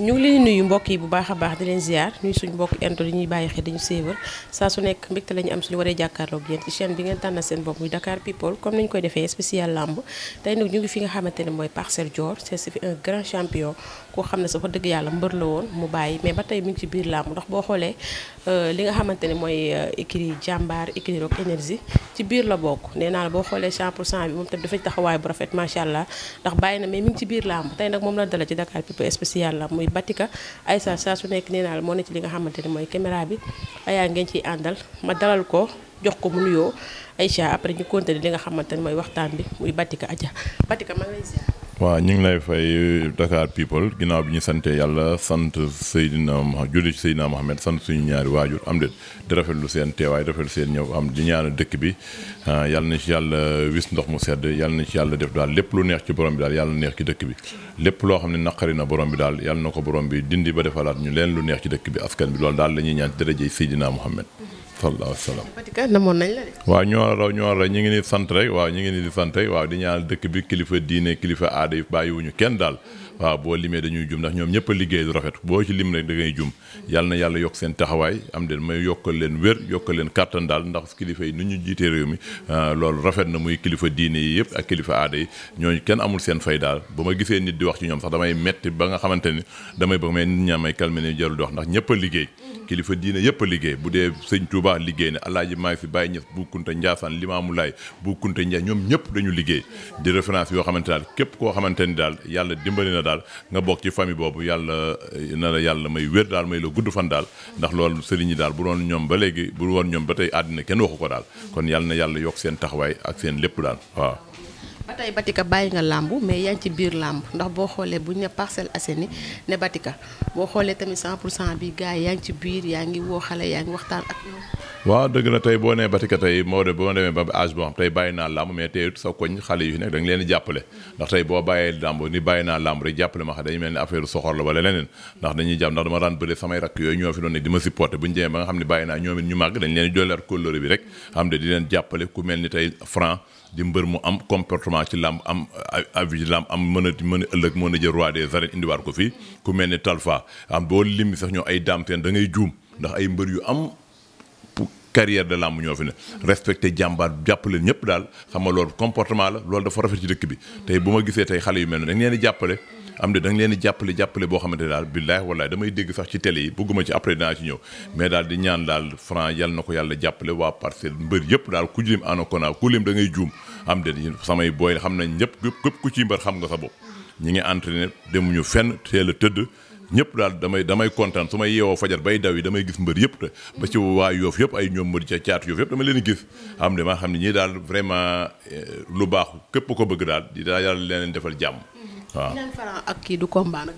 ñu ngi leen nuyu mbokk yi bu baax a baax di leen ziar nuyu suñu mbokk into yi ñuy bàyyi xel dañu séebar saa su nekk mbégte la ñu am suñu waree jàkkaarloog yéen ci chaîne bi ngeen tànnal seen bopp muy Dakar People comme nañu koy defee spécial lamb tey nag ñu ngi fi nga xamante ne mooy Parcelles Dior c'est un grand champion koo xam ne sa fa dëgg yàlla mbër la woon mu bàyyi mais ba tey mi ngi ci biir làmb ndax boo xoolee euh, li nga xamante ne mooy euh, écurie jàmbaar écurie Rock Énergie ci biir la bokk nee naa la boo xoolee 100 pour cent bi moom tamit dafay taxawaay bu rafet macha allah ndax bàyyi na mais mi ci biir làmb tey nag moom la dala ci Dakar People spécial la muy Batika Aïssa saa su nekk nee naa la moo ne ci li nga xamante ne mooy caméra bi ayaa ngeen ciy àndal ma dalal ko jox ko mu nuyoo après ñu continuer li nga xamante ne mooy waxtaan bi muy Batika Adja Batika ma lay ziar waaw ñu ngi lay fay euh, Dakar people ginnaaw bi ñu santee yàlla sant Seydina julli ci Seydina Mohamed sant suñu ñaari waajur am déet di rafetlu seen teewaay rafetlu seen ñëw am di ñaana dëkk bi ah, yàlla na ci yàlla wis ndox mu sedd yàlla na ci yàlla def daal lépp lu neex ci borom bi daal yàlla na neex ci dëkk bi lépp loo xam ne naqari na borom bi daal yàlla na ko borom bi dindi ba defalaat ñu leen lu neex ci dëkk bi askan bi loolu daal la ñuy ñaan ci dërëjey Seydina Mohamed sallallahu alayhi wa sallam. Batika namoon nañ la de. ñoo raw ñoo raw ñu ngi nii sant rek waaw ñu ngi nii di sant rek waaw di ñaan dëkk bi kilifa diine kilifa aada yi bàyyiwuñu kenn daal. waaw boo limee dañuy jum ndax ñoom ñëpp liggéey du rafet boo ci lim rek da jum yàlla na yàlla yokk seen taxawaay am den may yokkal leen wér yokkal leen kàttan daal ndax kilifa yi nu ñu jiitee réew mi ah, loolu rafet na muy kilifa diine yi yëpp ak kilifa aada yi ñooñu kenn amul seen fay daal ba ma gisee nit di wax ci ñoom sax damay metti ba nga xamante ni damay bëgg mais nit ñaa may calmer ni jarul di wax ñëpp a liggéey kilifa diine yëpp a liggéey bu dee sëñ Touba liggéey na alaaji maa fi bàyyi ñëf bu kunta Njaasaan Limaamu Laay bu kunta Njaay ñoom ñëpp dañu liggéey di référence yoo xamante daal képp koo xamante ni daal yàlla dimbali na daal nga bokk ci famille boobu yàlla eh, na la yàlla may wér daal may la gudd fan daal ndax loolu sëriñ yi daal bu doon ñoom ba léegi bu woon ñoom ba tey àddina kenn waxu ko daal kon yàlla na yàlla yokk seen taxawaay ak seen lépp daal ba tey Batika bàyyi nga làmb mais yaa ci biir làmb ndax boo xoolee bu ñu ne Parcelles ni ne Batika boo xoolee tamit 100 pour cent bi gars yi yaa ngi ci biir yaa ngi woo xale yaa ngi waxtaan ak. waaw dëgg na tey boo nee batika tey moo de boo demee ba âge boo xam tey bàyyi naa làmb mais tey sa koñ xale yu nekk da nga leen di jàppale ndax tey boo bàyyee làmb ni bàyyi naa làmb rek ni affaire soxor la wala leneen ndax dañuy jàpp ndax dama daan bëre samay rakk yooyu ñoo fi doon ne di ma supporté bu ñu demee ba nga xam ne bàyyi naa ñoom ñu màgg dañ leen di dollar kóllëre bi rek xam de di leen jàppale ku mel ni tey franc di mbër mu am comportement ci làmb am avis làmb am mën a mën ëllëg mën a jël roi des arènes indiwaat ko fii ku mel ni talfa am boo lim sax ñoo ay daam da ngay juum ndax ay mbër yu am carrière de làmb ñoo fi ne respecté jàmbaar jàppale ñëpp daal xam lool loolu comportement la loolu dafa rafet ci dëkk bi tey bu ma gisee tey xale yu mel ne da nga leen jàppale am de da nga jàppale jàppale boo xamante ne daal billaay wallaay damay dégg sax ci télé yi bëgguma ci après dinaa ci ñëw mais daal di ñaan daal franc yal na ko yàlla jàppale waa parcelle mbër yëpp daal ku lim anakona ku lim ngay juum am de samay booy xam nañ ñëpp képp ku ci mbër xam nga sa bopp ñi ngi entraîné demuñu fenn teel a tëdd ñépp daal damay damay kontaan su ma yeewoo fajar bay daw yi damay gis mbër yëpp te ba ci waa yoof yëpp ay ñoom mbër ca caatu yoof yëpp dama leen gis xam ne maa xam ne ñii daal vraiment eh, lu baax képp ko bëgg daal di daal yàlla leen defal jàmm waaw ak kii du combat nag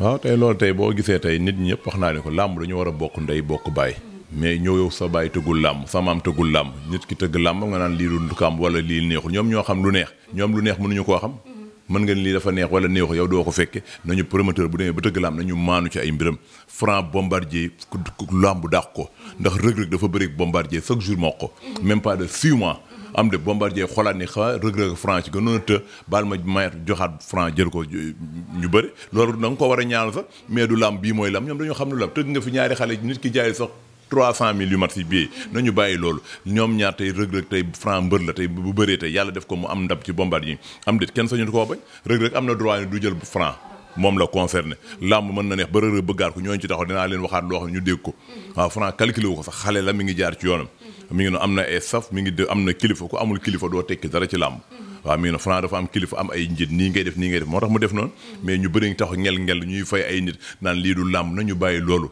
waaw tey loolu tey boo gisee tey nit ñi ñëpp wax naa ne ko làmb dañu war a bokk ndey bokk baay mais ñëw yow sa baay tëggul làmb sama maam tëggul làmb nit ki tëgg làmb nga naan lii du kàmb wala lii neexul ñoom ñoo xam lu neex ñoom lu neex mënuñu koo xam mën nga ni lii dafa neex wala neexu yow doo ko fekke nañu promoteur bu demee ba tëgg laam nañu maanu ci ay mbiram franc bombardier ku lamb daax ko ndax rëg dafa bëri bombardier chaque jour moo ko même pas de six mois am de bombardier xolaat ni xa rëg-rëg franc ci të baal ma mayet joxaat franc jël ko ñu bëri loolu da nga ko war a ñaanal sax mais du lamb bii mooy lam ñoom dañoo xam lu lam tëgg nga fi ñaari xale nit ki jaay sax trois cent mille yu mat si billet nañu bàyyi loolu ñoom ñaar tey Reug Reug tey franc mbër la tey bu bëree tey yàlla def ko mu am ndab ci Bombardier am déet kenn sañu koo bañ na droit ne jël franc moom la concerné làmb mën na neex ba ko ñooñu ci taxaw dinaa leen waxaat loo ñu dégg ko waaw franc calculé ko sax xale la mi ngi jaar ci yoonam mi ngi no am na ay saf mi ngi de am na kilifa ku amul kilifa doo tekki dara ci làmb waa mi ngi no franc dafa am kilifa am ay njit nii ngay def nii ngay def moo tax mu def noonu mais ñu bëri tax ngel ngel ñuy fay ay nit naan lii du làmb nañu bàyyi loolu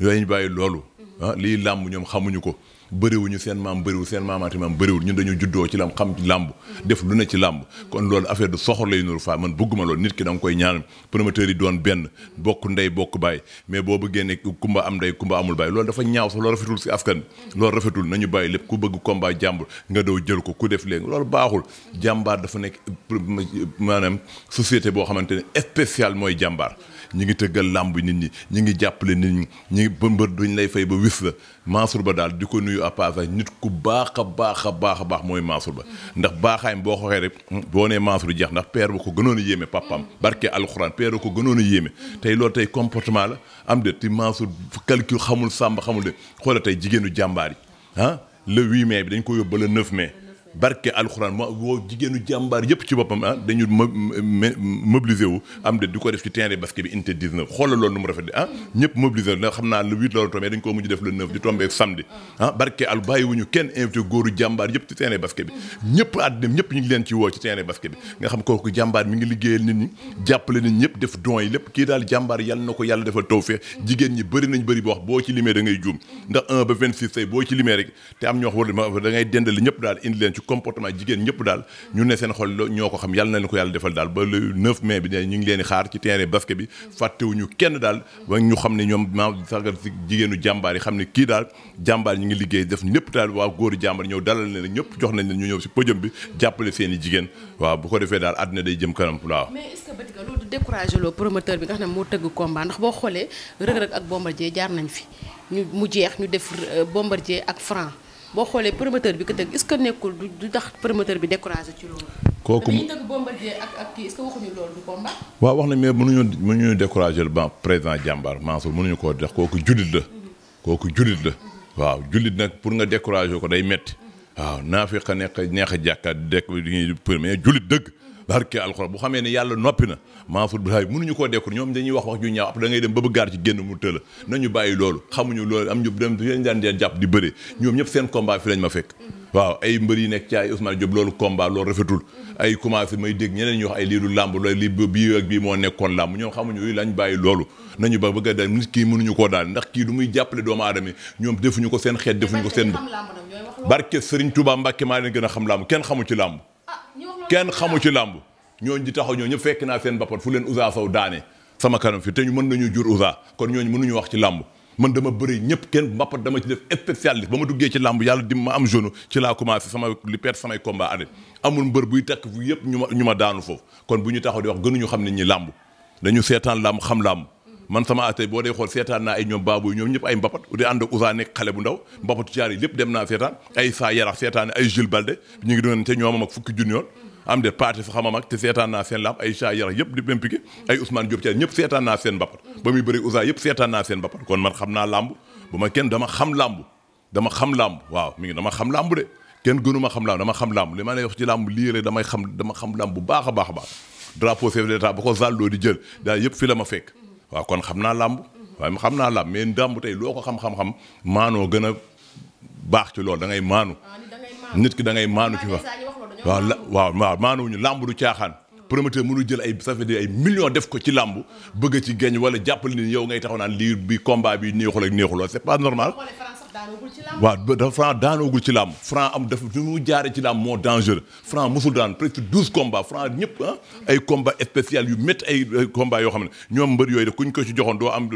yooyu ñu bàyyi loolu ah lii làmb ñoom xamuñu ko bëriwuñu seen maam bëriwul seen maamaati maam bëriwul ñun dañu juddoo ci lam xam ci làmb def lu ne ci làmb kon loolu affaire du soxor lay nuru faa man bëgguma loolu nit ki da nga koy ñaan promoteur yi doon benn bokk ndey bokk baay mais boo bëggee ne kumba am ndey kumba amul baay lool dafa ñaaw sax loolu rafetul si askan loolu rafetul nañu bàyyi lépp ku bëgg combat jàmbur nga daw jël ko ku def léegi loolu baaxul jàmbaar dafa nekk maanaam société boo xamante ne spécial mooy jàmbaar ñi ngi tëggal làmb nit ñi ñi ngi jàppale nit ñi ñi ngi bëmbër duñ lay fay ba wis la ba daal di ko nuyu au passage nit ku baax a baax a baax a baax mooy Mansour ba ndax baaxaayam boo xooxee rek boo nee Mansour jeex ndax per ba ko gënoon a yéeme papaam mm. barke alxuraan père ba ko gënoon a yéeme mm. tey loolu tey comportement la am de ti Mansour calcul xamul sàmba xamul de xoola tey jigéenu jàmbaar yi ah le 8 mai bi dañ ko yóbba le 9 mais barke alxuraan ma woo jigéenu jàmbaar yëpp ci boppam ah dañu mobiliser wu am de di ko def ci terrain basket bi inte 19 xoolal loolu mu rafet ah ñëpp mobiliser wu xam naa le 8 loolu tombé dañ koo mujj def le 9 di tombé samedi ah, barke al bàyyiwuñu kenn invité góoru jàmbaar yëpp ci terrain basket bi ñëpp àddina ñëpp ñu ngi leen ci woo ci terrain basket bi nga xam kooku jàmbaar mi ngi liggéeyal nit ñi jàppale nit ñëpp def don yi lépp kii daal jàmbaar ñi bëri nañ bëri bi wax boo ci limee da da ngay dendali comportement jigéen ñëpp daal ñu ne seen xol ñoo ko xam yàlla na leen ko yàlla defal daal ba le 9 mai bi ne ñu ngi leen di xaar ci terrain basket bi fàttewuñu kenn daal ba ñu xam ne ñoom maa sagal si jigéenu jàmbaar yi xam ne kii daal jàmbaar ñu ngi liggéey def ñëpp daal waa góoru jàmbaar ñëw dalal leen ñëpp jox nañ leen ñu ñëw si podium bi jàppale seen i jigéen waaw bu ko defee daal àddina day jëm kanam waaw mais est-ce que Batika loolu découragé loo promoteur bi nga moo tëgg combat ndax boo xoolee Reug Reug ak Bombardier jaar fi ñu mu jeex ñu def euh, ak Franc boo xoolee promoteur bi ko tëgg est-ce que nekkul du tax promoteur bi découragé ci loolu. kooku mu waaw wax nañ mais mënuñu mënuñu découragé le ban président jàmbaar Mansour mënuñu koo def kooku jullit la. kooku jullit la. waaw jullit nag pour nga découragé ko day metti waaw naa fi nekk neex a jàkka dekk bi ñuy jullit dëgg. barke alxuraan bu xamee ne yàlla noppi na Mahfoud Brahim mënuñu koo dekku ñoom dañuy wax wax ju ñaaw après da ngay dem ba bëggaar ci génn mu tëla nañu bàyyi loolu xamuñu loolu am ñu dem leen daan dee jàpp di bëre ñoom ñëpp seen combat fi lañ ma fekk waaw ay mbër nekk ci ay Ousmane Diop loolu combat loolu rafetul ay commencé may dégg ñeneen ñu wax ay lii du làmb loolu lii bii ak bii moo nekkoon làmb ñoom xamuñu yooyu lañ bàyyi loolu nañu ba bëgg a daal nit kii mënuñu koo daal ndax kii du muy jàppale doomu aadama ñoom defuñu ko seen xeet defuñu ko seen barke Serigne Touba Mbacke maa gën a xam làmb kenn xamu ci làmb ah, kenn xamu ci làmb ñooñ di taxaw ñoo ñëpp fekk naa seen bappat fu leen Ousa Sow daane sama kanam fi te mën nañu jur Ousa kon ñooñu mënuñu wax ci làmb man dama bëri ñëpp kenn mbappat dama ci def spécialiste ba ma duggee ci làmb yàlla dim ma am genou ci la commencé sama li perte samay combat arrêté amul mbër buy takk fu yëpp ñu ma ñu ma daanu foofu kon bu ñu taxaw di wax gënuñu xam ne ñi làmb dañu seetaan làmb xam làmb man sama atay boo dee xool seetaan naa ay ñoom baabu yi ñoom ñëpp ay mbapat di ànd ak bu ndaw mbapatu jaar yi lépp dem naa seetaan ay saa yarax seetaan ay Jules ñu ngi doon te ñoom am ak fukki junniyoon am de paate fa xamam ak te seetaan naa seen lamb ay Saa Yarax yëpp di même piqué ay Ousmane Diop Thiaw ñëpp seetaan naa seen mbapat ba muy bëri Ousa yëpp seetaan naa seen mbapat kon man xam naa lamb bu ma kenn dama xam lamb dama xam lamb waaw mi ngi dama xam lamb de kenn gënuma xam lamb dama xam lamb li ma lay wax ci lamb lii damay xam dama xam lamb bu baax a baax baax drapeau chef d'état ba ko zàlloo di jël daal yëpp fi la ma fekk waaw kon xam naa lamb waaye xam naa lamb mais ndàmb tey loo ko xam-xam-xam maanoo gën a baax ci loolu dangay ah, ngay maanu nit ki da ngay maanu ci wax waaw la waaw waaw maanaam ñu làmb du caaxaan. promoteur mënu jël ay ça fait ay million def ko ci làmb bëgg ci gañ wala jàppale ni yow ngay taxaw naan lii bi combat bi neexul ak neexuloo c'est pas normal. waaw dafa Franc daanoogul ci làmb Franc am dafa fi ci làmb moo dangereux Franc mosul daan presque douze combats Franc ñëpp ah ay combats spécial yu métti ay combats yoo xam ne ñoom mbër yooyu de kuñ ko ci joxoon doo am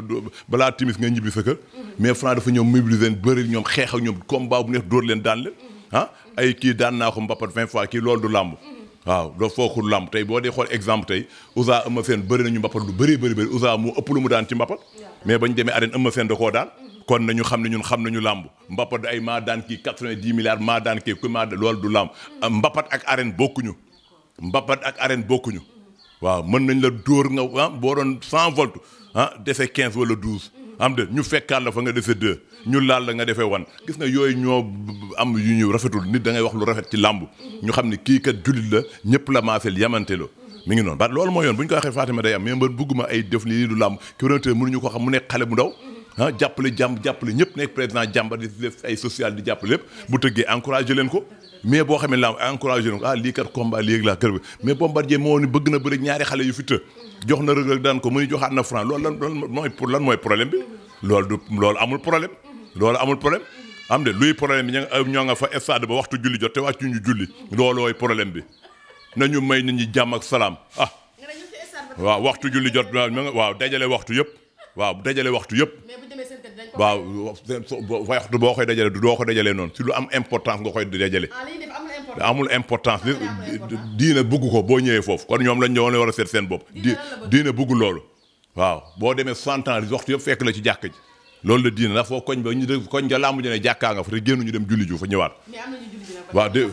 balaa timis nga ñibbi sa kër mm-hmm. mais Franc dafa ñoom mobiliser leen bëri ñoom xeex ak ñoom combat bu neex dóor leen daan leen ah ay kii daan naa ko mbappat vingt fois kii loolu du làmb waaw doo fookul làmb tey boo dee xool exemple tey Ousa Eumeu Sène bëri nañu mbappat lu bëri bëri bëri Ousa mu ëpp lu mu daan ci mbappat mais bañ demee arène Eumeu Sène da koo daan kon ñu xam ne ñun xam nañu làmb mbappat ay maa daan kii quatre-vingt-dix milliards maa daan kii ku maa loolu du làmb ah, mbappat ak arène bokkuñu mbappat ak arène bokkuñu waaw mën nañ la dóor nga ah boo doon cent volts ah defe quinze wala douze am de ñu fekkaat la fa nga defee deux ñu laal la nga defee wan gis nga yooyu ñoo am yu ñu rafetul nit da ngay wax lu rafet ci làmb ñu xam ni kii kat jullit la ñëpp la maaseel yamanteloo mi ngi noonu ba loolu mooy yoon bu ñu ko waxee Fatima day am mais man bëgguma ay def lii du làmb ki wérante mënuñu mu nekk xale bu ndaw ah jàppale jàmm jàppale ñëpp nekk président jàmbar di def ay social di jàpp lépp bu tëggee encouragé leen ko mais boo xamee làmb encouragé leen ko ah lii kat bëgg na bëri ñaari xale yu fi jox na rëg rëg daan ko muy joxaat na franc lool lan mooy lan mooy problème bi loolu du loolu amul problème loolu amul problème am de luy problème bi ñoo nga fa stade ba waxtu julli jot te wàccu ñu julli loolooy problème bi nañu may nit ñi jàmm ak salaam ah waaw waxtu julli jot waaw dajale waxtu yëpp waaw dajale waxtu yëpp waaw waxtu boo koy dajale du doo ko dajalee noonu si lu am importance nga koy dajale ah, amul importance nit diine bugg ko boo ñëwee foofu kon ñoom lañ ñoo war a seet seen bopp di diine bugg loolu waaw boo demee cent ans waxtu yëpp fekk la ci jàkk ji loolu la diine ndax foo koñ ba ñu de koñ ja laamu ne jàkkaa nga fa te génn ñu dem julli ju fa ñëwaat waaw de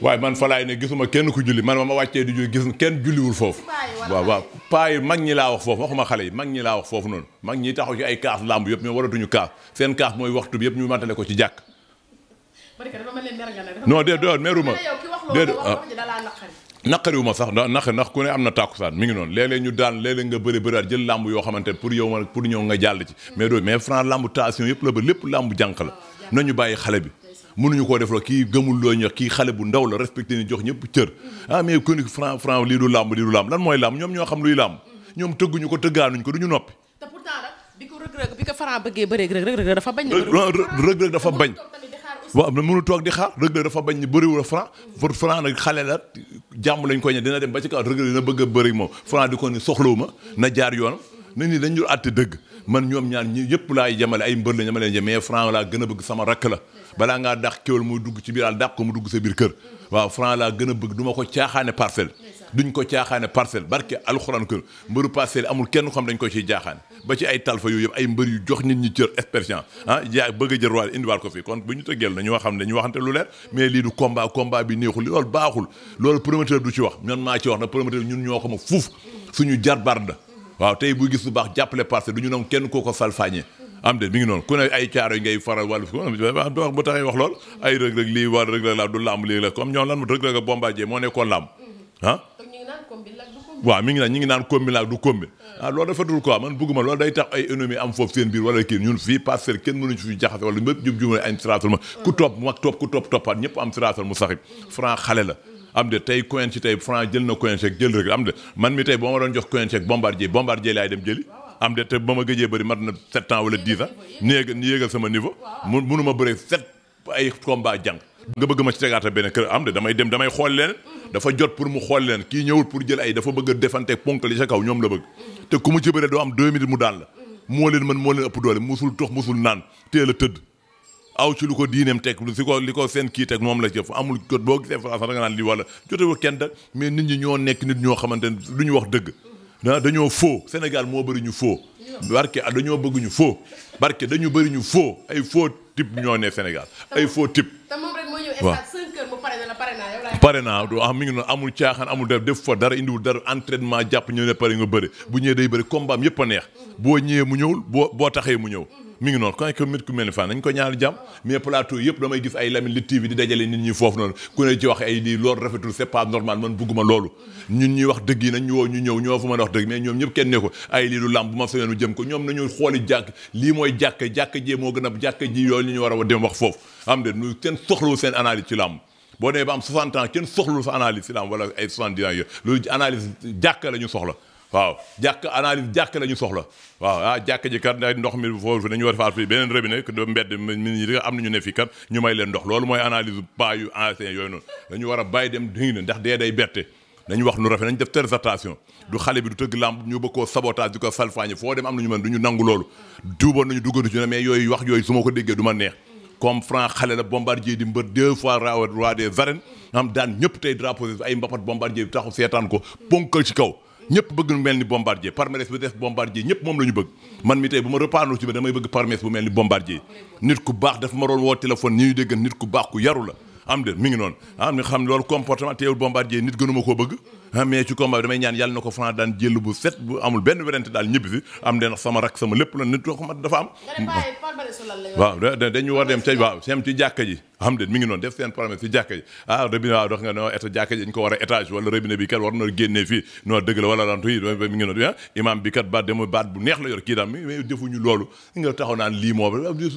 waaye man fa laay ne gisuma kenn ku julli man ma ma wàccee di julli gis kenn julliwul foofu waaw waaw paa mag ñi laa wax foofu waxuma xale yi mag ñi laa wax foofu noonu mag ñi taxaw ci ay kaas làmb yëpp ñoom waratuñu kaas seen kaas mooy waxtu yëpp ñu matale ko ci jàkk non déet doon meruma déet ah. naqari wu ma sax ndax naq ndax ku ne am na tàkkusaan mu ngi noonu léeg ñu daan léeg-léeg nga bëri bëraat jël làmb yoo xamante pour yow ma pour ñëw nga jàll ci mais doo mais franc làmb tension yëpp la ba lépp làmb jànq la oh, nañu bàyyi xale bi mënuñu koo def la kii gëmul loo ñor kii xale bu ndaw la respecté ni jox ñëpp cër mm-hmm. ah mais kon franc franc lii du làmb lii du làmb lan mooy làmb ñoom ñoo xam luy làmb mm-hmm. ñoom tëgguñu ko tëggaanuñ ko duñu noppi ko rëg rëg bi ko franc bëggee dafa bañ rëg rëg dafa bañ waaw mënu toog di xaar Reug Reug dafa bañ ni bëriwul a Franc pour Franc nag xale la jàmm lañ ko ñe dina dem ba ci kaw Reug Reug dina bëgg a bëri moom Franc di ko ni soxlawuma na jaar yoonam na ni dañ dul àtte dëgg man ñoom ñaar ñi yëpp laay jamale ay mbër la ñamaleen jëm mais Franc laa gën a bëgg sama rakk la balaa ngaa dàq kéwél muy dugg ci biir àll dàq ko mu dugg sa biir kër waaw Franc laa gën a bëgg duma ko caaxaane parcelle duñ ko caaxaane parcelle barke alxuraan kër mbëru parcelle amul kenn xam dañ ko ciy jaaxaane ba ci ay talfa yooyu yëpp ay mbër yu jox nit ñi cër expérience ah yaa bëgg jël waal indiwaat ko fii kon bu ñu tëggeel na ñoo xam ne ñu waxante lu leer mais lii du combat combat wax ñoon maa ci wax na promoteur ñoo xam a fuuf suñu jar barda waaw tey buy gis lu baax jàppale parcelle du ñu nangu kenn koo ko salfaañee am de mi ngi noonu ku ne ay caaro yi ngay faral wàllu ko bu taxee wax lool ay rëg-rëg lii war rëg-rëg la du làmb lii la comme ñoom lan rëg a bombardier waaw mi ngi naan ñi ngi naan kombi laa du kombi hmm. ah loolu rafetul quoi man bëgguma loolu day tax ay ennemi am foofu seen biir wala kii ñun fii Parcelles kenn mënuñu fi jaxase wala ñëpp jub jumale añ hmm. am siraatal mu saxib hmm. franc xale la am de tey coin ci tey franc jël na coin chèque jël rek am de man mi tey boo ma doon jox coin chèque bombardier bombardier laay dem jëli am de te ba ma gëjee bëri mat na sept ans wala dix ans néeg yéegal sama niveau mu mënu ma bëre sept ay combat jàng nga bëgg ma ci tegaata benn kër am de damay dem damay xool leneen dafa jot pour mu xool leen kii ñëwul pour jël ay dafa bëgg a defante ponk li sa kaw ñoom la bëgg te ku mu ci bëre doo am deux minutes mu daan la moo leen man moo leen ëpp doole musul tox musul naan teel a tëdd aw ci lu ko diineem teg lu si ko li ko seen kii teg moom la jëf amul jot boo gisee France da nga naan lii wala jotewu kenn da mais nit ñi ñoo nekk nit ñoo xamante ne du ñu wax dëgg da ah, dañoo foo senegal moo bëri ñu foo barke ah, dañoo bëgguñu foo faux dañu bëri ñu faux ay faux type ñoo ne Sénégal ay faux type pare naa du am mi ngi noonu amul caaxaan amul def def fa dara indiwul dara entraînement jàpp ñëw ne pare nga bëri bu ñëwee day bëri combat am yëpp a neex boo ñëwee mu ñëwul boo boo taxee mu ñëw mi ngi noonu quand que ko jàmm mais plateau yëpp damay gis ay Lamine Lutte TV di nit ñi foofu noonu ku ne ci wax ay ñuy wax dëgg yi nañ ñu woo ñëw ñoo fa mën a wax ñoom ñëpp kenn ne ko ay ko ñoom nañu xooli jàkk lii mooy jàkk jàkk jee moo gën a jàkk ji yooyu ñu war a dem wax foofu am de nu seen soxlawu seen analyse ci làmb boo demee ba am 60 ans kenn soxlul sa analyse silam wala ay 70 ans yooyu loolu analyse jàkk la ñu soxla waaw jàkk analyse jàkk lañu ñu soxla waaw ah jàkk ji kat ndox mi foofu dañu war a faat fii beneen robinet do mbedd am nañu ne fii kat ñu may leen ndox loolu mooy analyse pas yu ancien yooyu noonu dañu war a bàyyi dem dingi ne ndax dee day bette nañu wax nu rafet nañ def tersatation du xale bi du tëgg làmb ñu bëgg koo sabotage ko salfaañe foo dem am nañu mën du ñu nangu loolu duuboon nañu duggadu ci ne mais yooyu wax yooyu su ko déggee du ma neex comme Franc xale la bombardier di mbër deux fois roi des arènes am daan ñëpp tey drapeau ay mbapat bombardier taxu seetaan ko ponkal ci kaw ñëpp bëgg mel ni bombardier parmeres bi def bombardier ñëpp moom la ñu bëgg man mi tey bu ma repaanoo ci bi damay bëgg parmeres bu mel ni bombardier nit ku baax dafa ma doon woo téléphone ñi ñu dégg nit ku baax ku yaru la am de mi ngi noon ah mi xam loolu comportement teewul bombardier nit gënuma koo bëgg Ah, mais ci combat bi damay ñaan yàlla na ko Franc daan jël bu set bu amul benn werante daal ñibbi am de ndax sama rak sama lépp la nit ko xam dafa am waaw dañu war dem ca waaw ah, seen problème si jàkka ji ah robinet a étage wala robinet bi kat war na génnee fii la wala ah, bu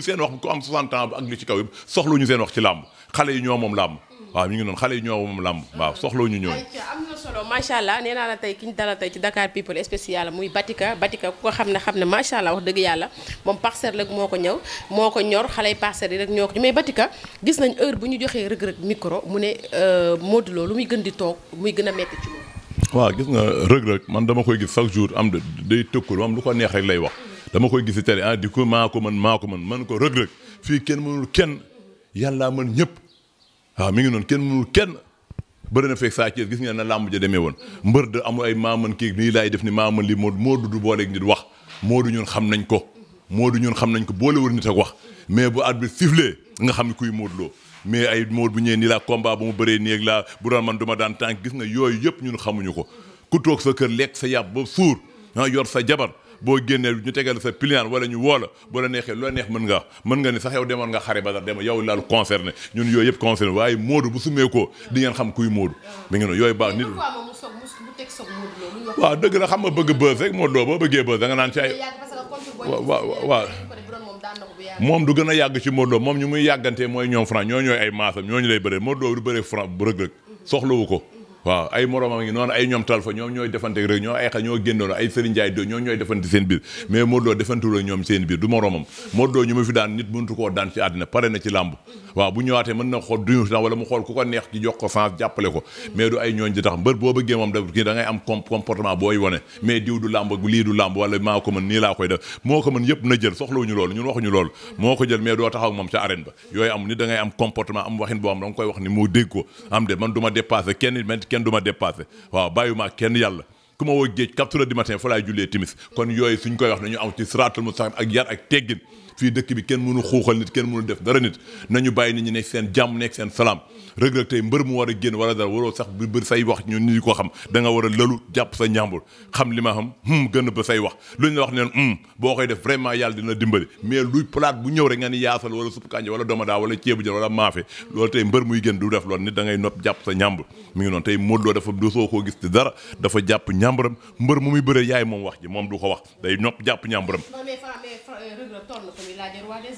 seen wax ko am 60 ans ak li ci kaw soxlawuñu seen wax ci làmb xale yi ñoo moom làmb waaw ñu ngi noonu xale yi ñoo moom làmb waaw soxloo ñu ñooñu am allah nee naa la tey ki ñu dalal tey ci Dakar People spécial muy Batika Batika ku ko xam ne xam ne macha allah wax dëgg yàlla moom parcel rek moo ko ñëw moo ko ñor xale yi parcelle ñoo ko mais Batika gis nañ heure bu ñu joxee Reug Reug micro mu ne euh, Modou Lo lu muy gën di toog muy gën a metti ci moom nga Reug man dama koy gis chaque jour am da day tëkkul lu ko neex rek lay wax dama koy ah, di ko maa ko man maa ko mën man ko Reug Reug fii kenn mënul kenn yàllaa mën ñëpp waaw mi ngi noonu kenn mënul kenn bëri na fekk saa Thiès gis ngeen na làmb ja demee woon mbër da amul ay maaman kii nii laay def ni maaman li moo moo du booleeg nit wax moo du ñun xam nañ ko moo du ñun xam nañ ko boolewul nit ak wax mais bu at bi sifflé nga xam ni kuy móodloo mais ay moo bu ñëwee nii laa combat ba mu bëree nii ak laa bu doon man du ma daan tànk gis nga yooyu yëpp ñun xamuñu ko ku toog sa kër lekk sa yàpp ba suur ah yor sa jabar boo génnee ñu tegal sa pliant wala ñu woolo la boo la neexee loo neex mën nga mën nga ni sax yaw demoon nga xare ba dara dem yow laal concerné ñun yooyu yëpp concerné waaye Modou bu sumee di ngeen xam kuy Modou mi ngi noonu yooyu baax nit dëgg la xam nga bëgg bës rek Modou Lo boo bëggee bës da nga naan ci ay waaw waaw moom du gën a yàgg ci Modou moom ñu muy yàggantee mooy ñoom Franc ñoo ñooy ay ñoo ñu lay bëree Modou Lo du bëree Franc bu rëg-rëg soxlawu ko waaw ay moromam ngi noonu ay ñoom tal fa ñoom ñooy defante rek ñoo ay xa ñoo génnoon ay Serigne seen biir mais Modou Lo defantewul ñoom seen biir du moromam Modou Lo ñu ma diw du làmb lii maa ko mën nii laa koy def moo ko mën yëpp na jël soxlawuñu loolu ñun waxuñu loolu moo ko jël mais doo taxaw moom ca arène ba yooyu am nit da am comportement am waxin boo am da koy wax ni mu dégg ko am de man du ma dépassé kenn kenn du ma dépassé waaw bàyyiwuma kenn yàlla ku ma woo géej quatre heures matin fa laay jullee timis kon yooyu suñ koy wax nañu am ci siraatal mustaqiim ak yar ak teggin fii dëkk bi kenn mënu xuuxal nit kenn mënu def dara nit nañu bàyyi nit ñi nekk seen jàmm nekk seen salaam rëg-rëg tey mbër mu war a génn wala dara waroo sax bi bër say wax ñun ñu ko xam da war a lëlu jàpp sa njàmbur xam li ma xam hmm gën ba say wax lu ñu la wax ne hmm boo koy def vraiment yàlla dina dimbali mais luy palaat bu ñëw rek nga ni yaasal wala supp kànja wala domadaa wala ceebu jën wala maafe loolu tey mbër muy génn du def loolu nit da ngay nopp jàpp sa njàmbur mi ngi noonu tey Modou Lo dafa soo koo gis te dara dafa jàpp njàmburam mbër mu muy bëree yaay moom wax ji moom du ko wax day nopp jàpp njàmburam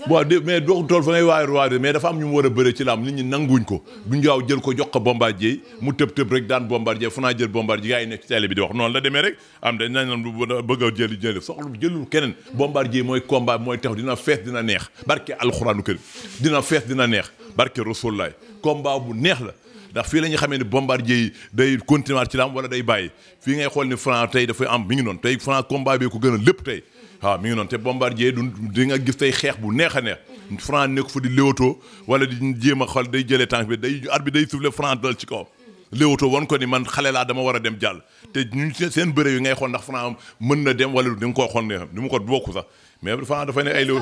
waaw de mais dox tool fa ngay waaye roi des mais dafa am ñu mu war a bëre ci laam nit ñi nanguñ ko mm-hmm. du njaaw jël ko jox ko bombardier mu tëb tëb rek daan bombardier fu naa jël bombardier gars yi nekk ci bi di wax la demee rek am dañ nañ la bëgg a jël jël soxla jëlul keneen mm-hmm. bombardier mooy komba mooy tax dina fees dina neex barke alxuraanu kër dina fees dina neex barke rasulaay combat bu neex la ndax fii la ñu xamee ne bombardier yi day continuer ci laam wala day bàyyi fii ngay xool ni Franc tey dafay am mi ngi noon tey Franc combat bi ko gën a lépp tey waaw ah, mi ngi noonu te bombardier du di nga gis tey xeex bu neex a neex franc nekk fa di léwato wala di jéem a xool day jëlee tànk bi day at bi day souffler franc dal ci kaw léwato wan ko ni man xale laa dama war a dem jàll te ñu seen bëre yu ngay xool ndax franc mën na dem wala di nga koo xool ne ni mu ko bokku sax mais franc dafay ne ay léw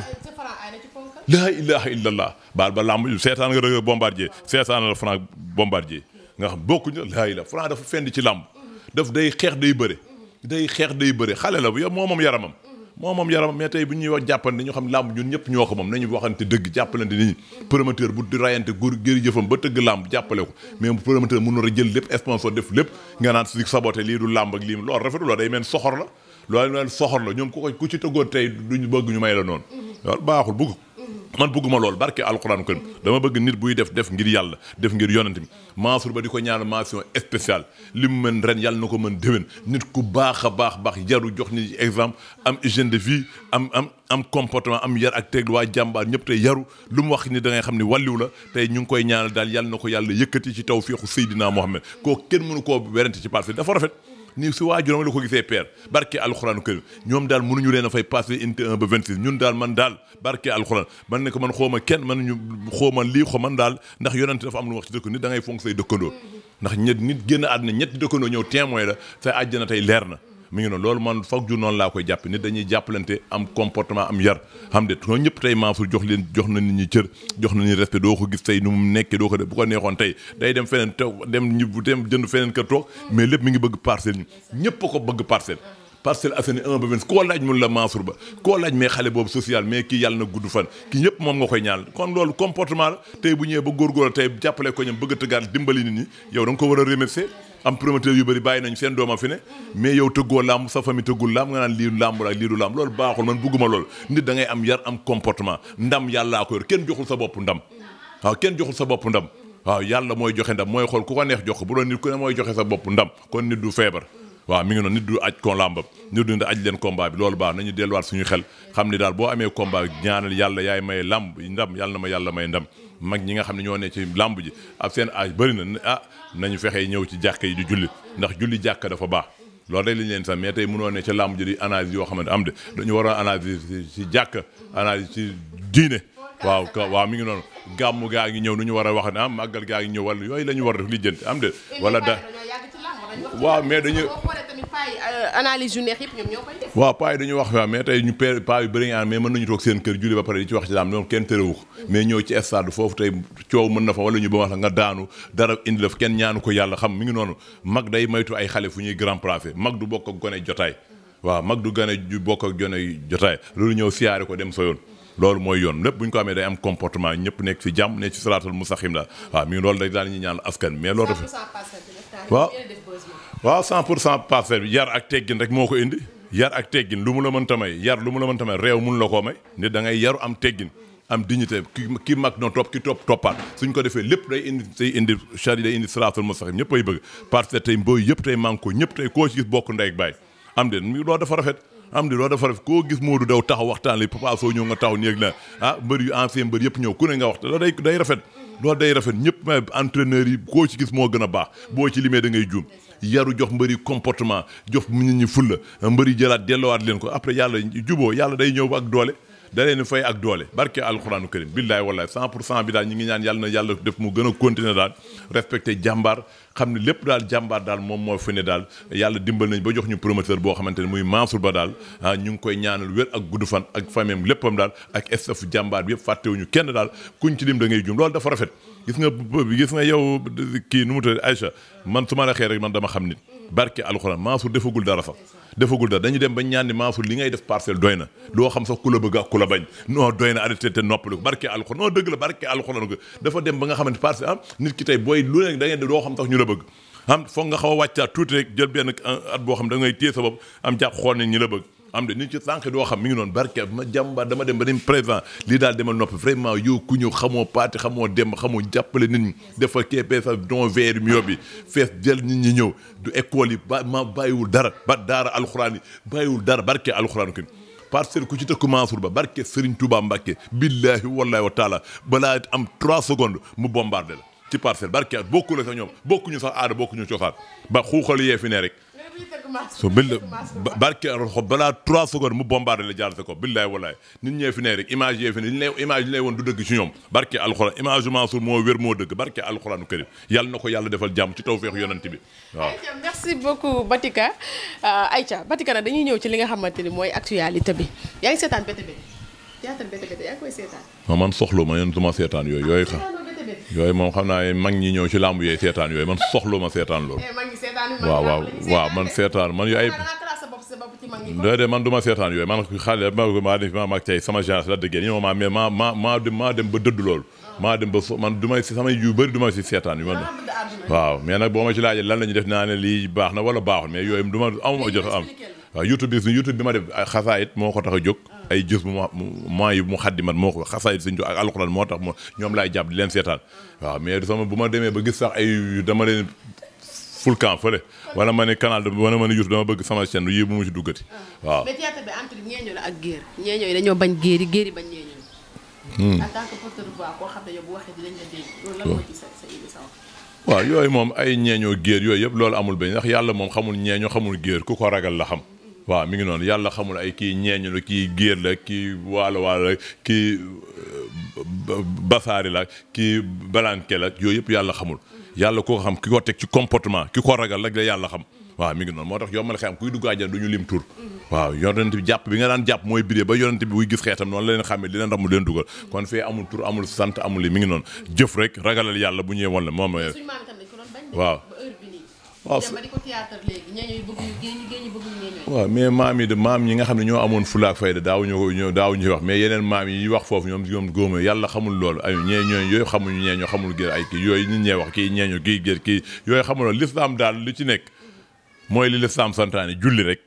laa ilaha illallah baal ba làmb seetaan nga rëg bombardier seetaan la franc bombardier nga xam bokkuñu laa la franc dafa fend ci làmb daf day xeex day bëre day xeex day bëre xale la yow moo moom yaramam moo moom yaram mais tey bu ñuy wax jàppante ñu xam làmb ñun ñëpp ñoo ko moom nañu waxante dëgg jàppalante nit ñi promoteur bu di rayante góor géri jëfam ba tëgg làmb jàppale ko mais promoteur mënul a jël lépp sponsor def lépp nga naan si saboté lii du làmb ak lii loolu rafetul la day mel soxor la loolu mel soxor la ñoom ku ko ku ci tëggoon tey duñu bëgg ñu may la noonu loolu baaxul bugg man bëgguma lool barke alxuraan karim dama bëgg nit buy def def ngir yàlla def ngir yonent bi Mansour ba di ko ñaan mention spéciale li mu mën ren yàlla na ko mën déwén nit ku baax a baax baax yaru jox nit exemple am hygiène de vie am am am comportement am yar ak teg waa jàmbaar ñëpp tey yaru lu mu wax ni da ngay xam ni wàlliw la tey ñu ngi koy ñaanal daal yàlla na ko yàlla yëkkati ci taw tawfiixu Seydina Mohamed koo kenn mënu koo werante ci parce que dafa rafet ni si waajuram la ko gisee père barke alxuraan kër ñoom daal mënuñu leen a fay passé unité 1 ba 26 ñun daal man daal barke alxuraan man ne ko man xooma kenn man ñu xooma lii xo man daal ndax yonent dafa am lu wax ci dëkkandoo nit da ngay fonk say dëkkandoo ndax ñet nit génn àdduna ñetti dëkkandoo ñëw témoin la sa àjjana tey leer na mi ngi noonu loolu man foog ju noonu laa koy jàppe nit dañuy jàppalante am comportement am yar xam de ñëpp tey Mansour jox leen jox na nit ñi cër jox na ñi respect doo ko tey nu mu nekkee doo ko def ko neexoon tey day dem feneen toog dem ñu dem jënd feneen kër toog mais lépp ngi bëgg parcelle ñu ñëpp a bëgg parcelle Parcelles Assainies 1 laaj mun la Mansour Ba koo laaj mais xale boobu social mais kii yàlla na gudd fan kii ñëpp moom nga koy ñaan kon loolu comportement la tey bu ñëwee ba góorgóorlu tey jàppale ko ñoom bëgg a tëggaat dimbali nit ñi yow danga ko war a remercier am promoteur yu bëri bàyyi nañ seen dooma fi ne mais yow tëggoo làmb sa famille tëggul làmb nga naan lii làmb ak lii du làmb loolu baaxul man bugguma loolu nit da am yar am comportement ndam yàllaa ko yor kenn joxul sa bopp ndam waaw kenn joxul sa bopp ndam waaw yàlla mooy joxe ndam mooy xool ku ko neex jox ko bu doon nit mooy joxe sa bopp ndam kon nit du feebar waaw mi ngi noonu nit du aj ko làmbam nit du aj leen combat bi loolu baax nañu delluwaat suñu xel xam ne daal boo amee combat ñaanal yàlla yaay may làmb ndam yàlla ma yàlla may ndam mag ñi nga xam ne ñoo ne ci làmb ji ak seen âge bëri na ah nañu fexe ñëw ci jàkk yi di julli ndax julli jàkk dafa baax loolu rek lañ leen sax mais tey mënoo ne ca làmb ji di analyse yoo xam ne am de dañu war a analyse ci jàkk yi ci diine waaw waaw mi ngi noonu gàmmu gaa ngi ñëw nu ñu war a wax ne ah màggal gaa ngi ñëw wala yooyu la war a def lijjanti am de wala da waaw mais dañu euh, analyse yu neex yëpp ñoom ñoo koy def waaw paa dañu wax waaw mais tey ñu père paa yi bëri na mais mën nañu toog seen kër julli ba pare di ci wax ci daam ñoom kenn tërewu ko mm-hmm. mais ñëw ci stade foofu tey na fa wala ñu ba wax la nga daanu dara indi la kenn ñaanu ko yàlla xam mi ngi noonu mag day maytu ay xale fu ñuy grand placé mag du bokk ak gone jotaay mm-hmm. waaw mag du gone ju bokk ak gone jotaay loolu ñëw siyaare ko dem sa yoon loolu mooy yoon lépp bu ñu ko amee day am comportement ñëpp nekk ci jàmm ne ci salaatul musaxim la mm-hmm. waaw mi ngi loolu rek daal ñu ñaan askan mais loolu waaw waaw 100 pour cent parcelle bi yar ak teggin rek moo ko indi yar ak teggin lu mu la mën tamay yar lu mu la mën tamay réew mun la koo may nit da ngay yaru am teggin am di ki ki mag noonu topp ki topp toppaat suñ ko defee lépp day indi day indi chari day indi siraatul mustaqim ñëpp bëgg parce que tey mbooy yëpp tey manko ñëpp tey koo ci gis bokk ndey ak baay am de loo dafa rafet am de loo dafa rafet koo gis Modou daw taxaw waxtaan li Papa Sow ñëw nga taxaw néeg na ah mbër yu ancien mbër yëpp ñëw ku ne nga waxtaan day day rafet loolu day rafet ñëpp may entraîneurs yi koo ci gis moo gën a baax boo ci limee dangay ngay juum yaru jox mbëri comportement jox mu nit ñi fulla mbëri jëlaat dellowaat leen ko après yàlla juboo yàlla day ñëw ak doole da leen fay ak doole barke alxuraanu karim billaay wallaay cent pour cent bi daal ñi ngi ñaan yàlla na yàlla def mu gën a continuer daal respecté jàmbaar xam ne lépp daal jàmbaar daal moom moo fi ne daal yàlla dimbal nañ ba jox ñu promoteur boo xamante ne muy Mansour Ba daal ah ñu ngi koy ñaanal wér ak gudd fan ak famem léppam daal ak staff jàmbaar bi yëpp fàttewuñu kenn daal kuñ ci lim da ngay jum dafa rafet gis nga gis nga yow kii nu mu tudd man su ma la xee rek man dama xam nit barke alxuraan Mansour defagul dara fa defagul dara dañu dem ba ñaan ni li ngay def parcelle doy na doo xam sax ku la bëgg ak ku la bañ non doy na arrêté te noppali ko barke alxuraan non dëgg la barke alxuraan ko dafa dem ba nga xamante parcelle am ah, nit ki tey booy lu ne da ngeen doo xam sax ñu la bëgg am nga xaw a wàccaat tuuti rek jël benn ah, at boo xam da ngay téye sa am jàpp xool ne ñi la bëgg am de nit ci sànq doo xam mi ngi noonu barke ma jàmbaar dama dem ba ni président lii daal demal nopp vraiment yow ku ñëw xamoo paati xamoo dem xamoo jàppale nit ñi dafa keppee sa don veer mi yóbbi fees jël nit ñi ñëw du école yi ba ma bàyyiwul dara ba daara alxuraan yi bàyyiwul dara barke alxuraan kin parce ku ci tëkk Mansour Ba barke Serigne Touba Mbacke billahi wallahi wa taala balaa am trois secondes mu bombardé la ci parcelle barke bokku la sa ñoom bokkuñu sax aada bokkuñu cosaan ba xuuxal yee fi ne rek so bil barke aroon balaa trois secondes mu bombardé la jaarate ko billaay walaay nit ñee fi ne rek image yee fi ne lay image lay woon du dëgg ci ñoom barke alxuraan image Mansour moo wér moo dëgg barke alxuraanu karim yàlla na ko yàlla defal jàmm ci tawfeex yonent bi waaw merci beaucoup Batika euh, Aïcha Batika nag dañuy ñëw ci li nga xamante ni mooy actualité bi yaa ngi seetaan bete bete yaa ngi koy seetaan ma man soxlu ma yéen du seetaan yooyu yooyu ah, xam yooyu moom xam naa mag ñi ñëw ci làmb yooyu yooyu man soxlu ma seetaan waaw waaw waaw man seetaan man yu ay doo de man du ma seetaan yooyu man xale ma maa dem ma mag tey sama genre la dëggee ñu ma ma ma maa dem maa dem ba dëdd loolu ah. maa dem ba so man du may si sama yu bëri duma si seetaan yu waaw mais nag boo ma ci lan la ñu def naa ne lii baax na wala baaxul mais yooyu du ma amuma jot am waaw youtube bi youtube bi ma def xasaayit moo ko tax a jóg ah. ay jës bu ma maa yi mu xaddi man moo ko xasaayit suñ ak alxuraan moo tax moo ñoom laay jàpp leen seetaan ah. waaw mais sama bu ma demee ba gis sax ay dama leen ful camp fële. wala ma ne canal wala ma ne Youssou dama bëgg sama chaîne yii bu mu si duggati. Ah. waaw mais théâtre yooyu moom ay ñeeñoo géer yooyu yëpp loolu amul benn ndax yàlla moom xamul ñeeñoo xamul géer ku ko ragal la xam. waaw mi ngi noonu yàlla xamul ay kii ñeeñu la kii géer la kii waalo waalo la kii euh, basaari la kii balanke la yooyu yëpp yàlla xamul yàlla koo xam ki ko teg ci comportement ki ko ragal rek la yàlla xam waaw mi ngi noonu moo tax yombal xam kuy dugg àjjana du ñu lim tur waaw yonent bi jàpp bi nga daan jàpp mooy biree ba yonent bi buy gis xeetam noonu la leen xàmmee di leen ramu leen dugal kon fee amul tur amul sant amul li mi ngi noonu jëf rek ragalal yàlla bu ñëwee woon la moom waaw waaw waaw mais maam yi de maam yi nga xam ne ñoo amoon fulaak fayda daawuñu ko daaw daawuñu wax mais yeneen maam yi wax foofu ñoom ñoom góoma yàlla xamul lool ay ñee ñooy yooyu xamuñu ñee ñoo xamul gër ay kii yooyu nit ñee wax kii ñeeño kii gër kii yooyu xamul loolu lislaam daal li ci nekk mooy li lislaam santaane julli rek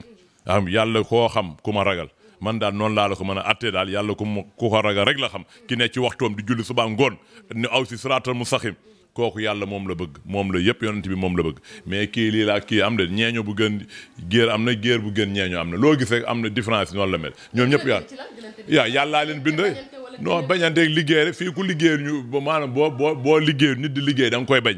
am yàlla koo xam ku ma ragal man daal noonu laa la ko mën a attee daal yàlla ku ma ku ko ragal rek la xam ki ne ci waxtoom di julli subaa ngoon ni aw si siraatal mustaqim kooku yàlla moom la bëgg moom la yëpp yonent bi moom la bëgg mais kii lii laa kii am na ñeeño bu gën géer am na géer bu gën ñeeño am na loo gis rek am na différence noonu la mel ñoom ñëpp yàlla yaa yàllaa leen bind non bañanteeg liggéey rek fii ku liggéey ñu maanaam boo boo boo liggéey nit di liggéey danga koy bañ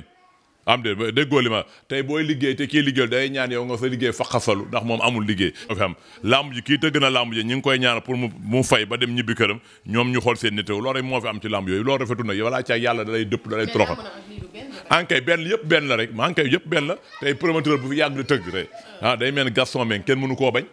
am de déggoo li ma tey booy liggéey te kii liggéeyul day ñaan yow nga sa liggéey fa xasalu ndax moom amul liggéey fi am lamb ji kii tëgg na lamb ji ñu ngi koy ñaan pour mu mu ba dem ñibbi këram ñoom ñu xool seen nitéw loolu rek moo fi am ci lamb yooyu loolu rafetul nag walaa caag yàlla dalay dëpp dalay troxal ankay benn yëpp benn rek ma yëpp benn la tey promoteur bu fi tëgg rek ah. ah day mel ni Gaston kenn mënu koo bañ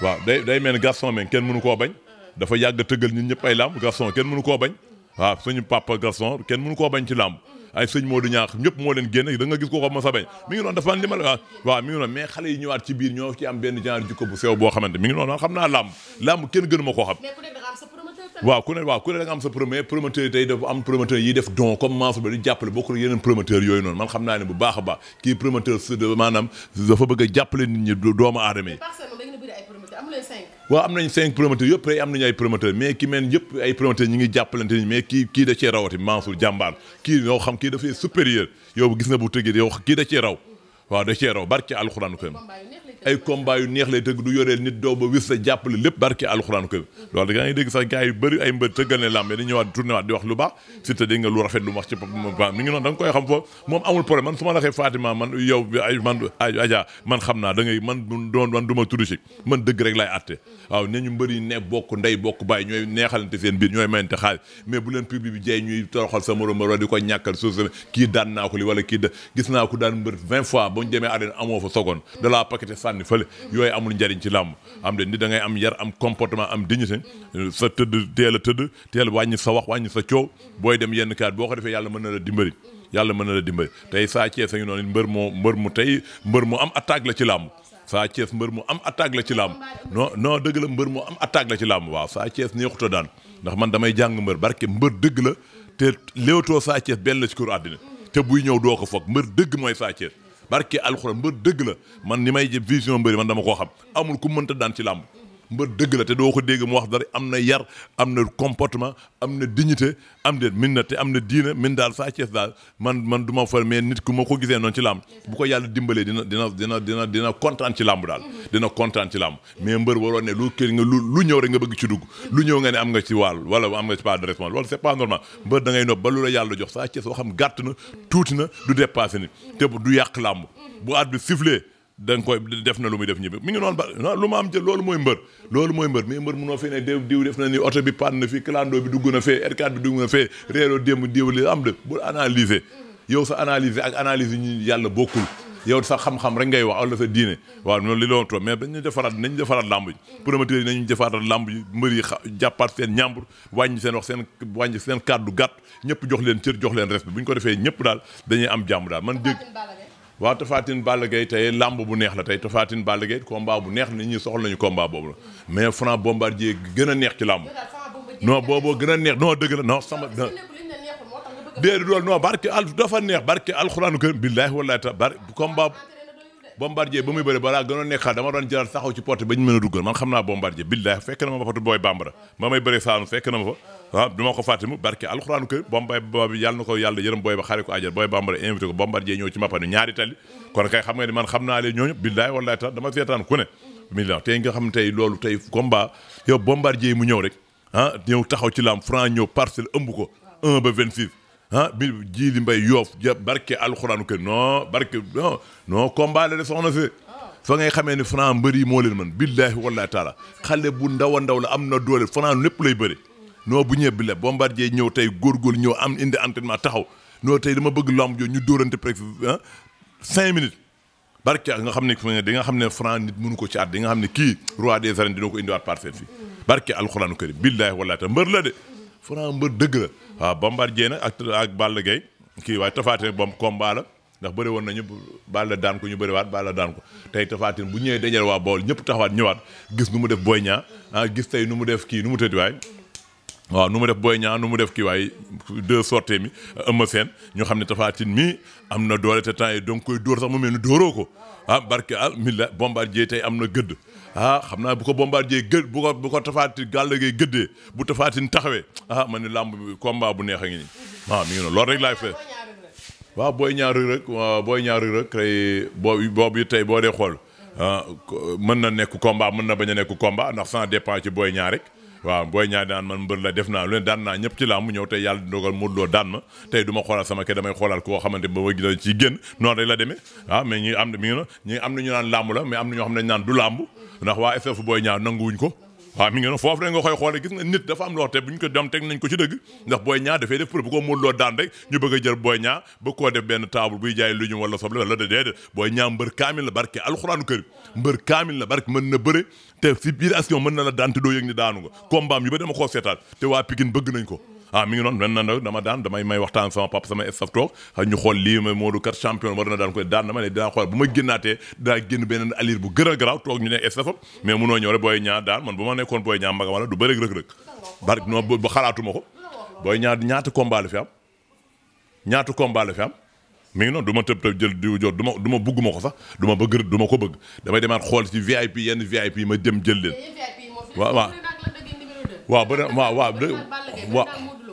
waaw day day mel ni Gaston Mbengue kenn mënu koo bañ ah. dafa yàgg tëggal ñun ñëpp ay lamb Gaston kenn mënu koo bañ ah. waaw suñu papa Gaston kenn mënu koo bañ ci làmb ay sëñ Modou ñaax ñëpp moo leen génn da nga gis ko xam ma sa bañ mi ngi noonu dafa man li ma la waaw mi ngi noonu mais xale yi ñëwaat ci biir ñoo ci am benn genre jikko bu sew boo xamante mi ngi noonu xam am sa premier promoteur yi am man xam naa ne bu baax a baax kii promoteur maanaam dafa bëgg a jàppale nit ñi doomu aadama yi waaw am nañ cinq promoteurs yëpp rek am nañu ay promoteurs mais ki meen yëpp ay promoteurs ñi ngi jàppalante ni mais ki kii da cee rawati Mansour jàmbaar kii yoo xam kii dafay supérieur yow gis na bu tëggee yow kii da cee raw waaw da cee raw barke alxuraan ko ay combat yu neex lay tëgg du yoreel nit doo ba wis sa jàppale lépp barke alxuraan ko loolu da ngay dégg sax gars yu bëri ay mbër tëggal ne làmb dañuy wax lu koy xam foofu naa da ngay man doon man du man dëgg rek lay atte waaw ne ñu mbëri ne bokk ndey bokk bàyyi ñooy neexalante seen biir ñooy mayante xaalis mais bu leen public bi jey ñuy toroxal sa morom morom di ko ñàkkal suuf sa kii daan naa ko li wala kii da gis naa ko daan mbër vingt fois ba ñu demee arène amoo fa seconde da laa paqueté sànni fële yooyu amul njariñ ci làmb am de ni da ngay am yar am comportement am dignité sa tëdd teel a tëdd teel wàññi sa wax wàññi sa coow booy dem yenn kaat boo ko defee yàlla mën na la dimbali yàlla mën na la dimbali tey sa Thiès a ngi noonu mbër moo mbër mu tey mbër mu am attaque la ci làmb saa Thiès mbër mu am attaque la ci làmb non noo dëgg la mbër mu am attaque la ci làmb waaw saa Thiès neexut a daan ndax man damay jàng mbër barke mbër dëgg la te léewtoo saa Thiès benn la ci kër àddina te dëgg mooy saa barke alxuraan mbër dëgg la man ni may vision mbëri man dama koo xam amul ku mënta daan ci làmb mbër dëgg la te doo ko dégg mu wax dara am na yar am na comportement am na dignité am déet na am na diina min daal Sa Thiès daal man man du ma fa mais nit ku ma ko gisee noonu ci làmb bu ko yàlla dimbalee dina dina dina dina dina kontaan ci làmb daal mm-hmm. dina kontaan ci làmb mais mbër waroon ne lu nga lu lu ñëw rek nga bëgg ci dugg mm-hmm. lu ñëw nga ne am nga ci wàll wala am nga ci pas de responsable loolu c'est pas normal mbër da ngay ba lu la yàlla jox Sa Thiès soo xam gàtt na mm-hmm. tuuti na du dépassé du yàq làmb da nga koy def na lu muy def ñibbi mi ngi noonu ba ah, lu ma am jël loolu mooy mbër loolu mooy mbër mais mbër munoo fi ne diw def na ni oto bi panne na fii clando bi dugg na fee R4 bi dugg na fee réeroo démb diw li am de bu analyser yow sa analyser ak analyse ñu yàlla bokkul yow sa xam rek ngay wax wala sa waaw noonu li loon to mais dañu defaraat nañu defaraat làmb ji promoteur yi nañu defaraat làmb ji mbër yi jàppaat seen ñàmbur wàññi seen wax seen wàññi seen kàddu gàtt ñëpp jox leen cër jox leen respect bu ñu ko defee ñëpp daal dañuy am jàmm daal man dégg waaw Tapha Tine Balla Gaye tey làmb bu neex la tey Tapha Tine Balla Gaye combat bu neex la nit ñi soxla nañu combat boobu la mais Franc Bombardier gën a neex ci làmb non boobu gën a neex non dëgg la non sama déedéet loolu non barke al dafa neex barke alxuraanu kër billaahi wallaahi ta bar combat Bombardier ba muy bëri balaa gënoon nekkaat dama doon jëlaat saxaw ci porte ba ñu mën a duggal man xam naa Bombardier billaahi fekk na ma fa booy bambara ma may bëri saanu fekk na ma fa waaw ah, duma ko fàtte mu barke alxuraanu kër bombay boobu yàlla na ko yàlla yërëm booy ba xare ko ajal booy bambara invité ko bombardier ñëw ci mappanu ñaari tali kon kay xam nga ni man xam naa leen ñooñu billaay wallaay tax dama seetaan ku ne million tey nga xam tey loolu tey combat yow bombardier mu ñëw rek ah ñëw taxaw ci lam franc ñëw parcelle ëmb ko 1 ba 26 ah bi jii li mbay yoof ja barke alxuraanu kër non barke non non combat la de soxna si fa ngay xamee ni franc mbër yi moo leen man billaahi wallaay taala xale bu ndaw ndaw la am na doole franc lépp lay bëri non bu ñëwee bi la bombardier ñëw tey góorgóorlu ñëw am indi entraînement taxaw non tey dama bëgg lamb jooju ñu dóorante presque cinq minutes barke nga xam ne fi nga xam ne franc nit mënu ko ci at di nga xam ne kii roi des arènes dina ko indiwaat parfaite fii barke alxuraanu karim billaahi wallaahi te mbër la de franc mbër dëgg la waaw bombardier nag ak ak Balla Gaye kii waaye tafaatee bom combat la ndax bëri woon nañu la daan ko ñu bëriwaat Balla daan ko tey tafaatin bu ñëwee dajal waa bool ñëpp taxawaat ñëwaat gis nu mu def Boy Niang ah tey nu mu def kii nu mu tëddi waay waaw nu mu def booy ñaar nu mu def kii waay deux sorties mi Eumeu Sène ñu xam ne Tapha Tine mii am na doole te temps yi donc koy dóor sax mu mel ni dóoroo ko ah barke ah milla Bombardier tey am na gëdd ah xam naa bu ko Bombardier gëdd bu ko bu ko Tapha Tine gàllagee gëddee bu Tapha taxawee ah man ni làmb combat bu neex a ngi nii waaw ah, mi ngi noonu loolu rek laay fee waaw Boy ñaar Reug Reug Boy Niang Reug Reug tey boobu boobu tey boo dee xool ah, mën na nekk combat mën na bañ a nekk combat ndax sans dépend ci booy Niang waaw booy ñaar daan man mbër la def naa lu ne daan naa ñëpp ci làmb ñëw tey yàlla dogal Modou Lo daan ma tey du ma xoolaat sama ke damay xoolaat koo xamante ba ma gis ci génn noonu rek la demee ah mais ñi am na mi ñu naan làmb la mais am na ñoo xam ne naan du làmb ndax waa FF booy ñaar nanguwuñ ko waaw mi ngi noonu foofu rek nga koy xoole gis nga nit dafa am loo xam dem teg nañ ko ci dëgg ndax Boy Niang dafay def pour bu ko Modou Lo daan rek ñu bëgg jël Boy Niang ba koo def benn table buy jaay lu ñu wala soble wala déedéet Boy Niang mbër kaamil la barke alxuraanu kër mbër kaamil la barke mën na bëre te fi biir action mën na la daan te doo yëg ni daanu ko combat am yu ba dama koo seetaan te waa Pikine bëgg nañ ko ah mi ngi noonu len na dama daan damay may waxtaan sama papa sama staff toog a ah, ñu xool lii ma Modou kat champion war na daan koy daan dama ne dinaa xool bu ma beneen alir bu gën a garaaw toog ñu ne staff booy ñaa daan man bu ma nekkoon booy ñaa mbagama la du bëreeg rëk-rëk bari non ba ko booy ñaa ñaata combat la am ñaata combat am mi ngi noonu du ma tëb jël diw jot du ma du ma bugguma ko sax du ma bëgg du ma ko bëgg damay demaat xool ci VIP yenn VIP ma jëm jël leen waaw waaw waaw waaw waaw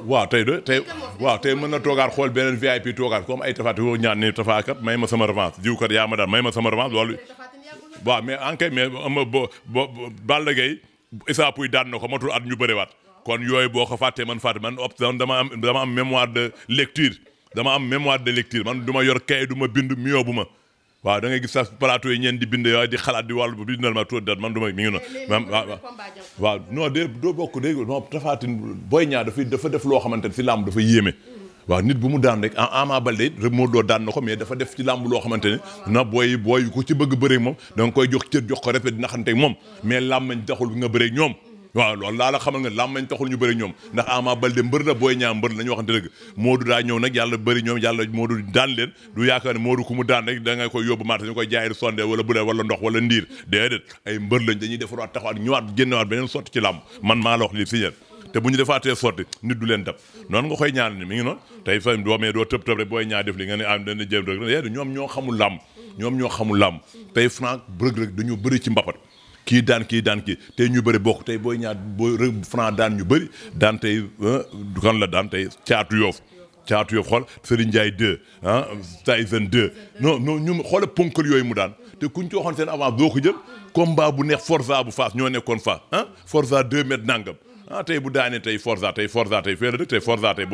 waaw tey de tey waa tey mën na toogaat xool beneen VIP toogaat comme ay tafaat yoo ñaan ne tafaakat may ma sama revanche jiwkat yaa ma daal may ma sama revanche loolu waaw mais ankay mais ama euh, bo bo Balla Gaye Issa Pouye daan na ko matul at ñu bëriwaat kon yooyu boo ko fàttee man fàtte man option dama am dama am mémoire de lecture dama am mémoire de lecture man du ma yor kay du ma bind miyoo bu ma waaw dangay ngay gis sax plateau yi ñeen di bind a di xalaat di wàllu bu bindal ma tuuti dat man du ma ngi noonu waaw non doo bokk dé non tafaatin booy ñaar dafay dafa def loo xamante ne si làmb dafa yéeme mm-hmm. waaw nit bu mu daan rek ah, Ama Baldé it rek moo doo daan na ko mais dafa def ci làmb loo xamante ne na booy booy ku ci bëgg bëreeg moom da koy jox cër jox ko rek dina xam ne moom mm-hmm. mais làmb nañ taxul nga bëreeg ñoom waaw loolu laa la xamal nga làmmañ taxul ñu bari ñoom ndax Ama Baldé mbër la Boy Niang mbër la ñu waxante dëgg Modou daa ñëw nag yàlla bëri ñoom yàlla Modou yaakaar ne Modou ku mu daan rek da nga koy yóbbu marché ñu koy jaayir sonde wala bu wala ndox wala ndiir mbër lañ dañuy defarwaat taxawaat ñëwaat génnewaat beneen sotti ci làmb man maa la wax lii signal te bu ñu defaatee sotti du leen dab noonu nga koy ñaan ni mi ngi noonu tey fa doo booy ñaar def li nga ne am ah, dana jéem rek ñoom ñoo xamul làmb ñoom ñoo xamul làmb tey Franc Reug Reug dañu bëri ci mbapat kii daan kii daan kii tey ñu bëri bokk tey booy ñaar booy franc daan ñu bëri daan tey kan la daan tey caatu yoof caatu yoof xool Serigne Ndiaye 2 ah Tyson 2 non noo ñu xoola ponkal yooyu mu daan te ku ci waxoon seen avance doo ko jël combat bu neex Forza bu Fass ñoo nekkoon faa ah Forza 2 mètres nangam ah tey bu daanee tey Forza tey Forza tey boo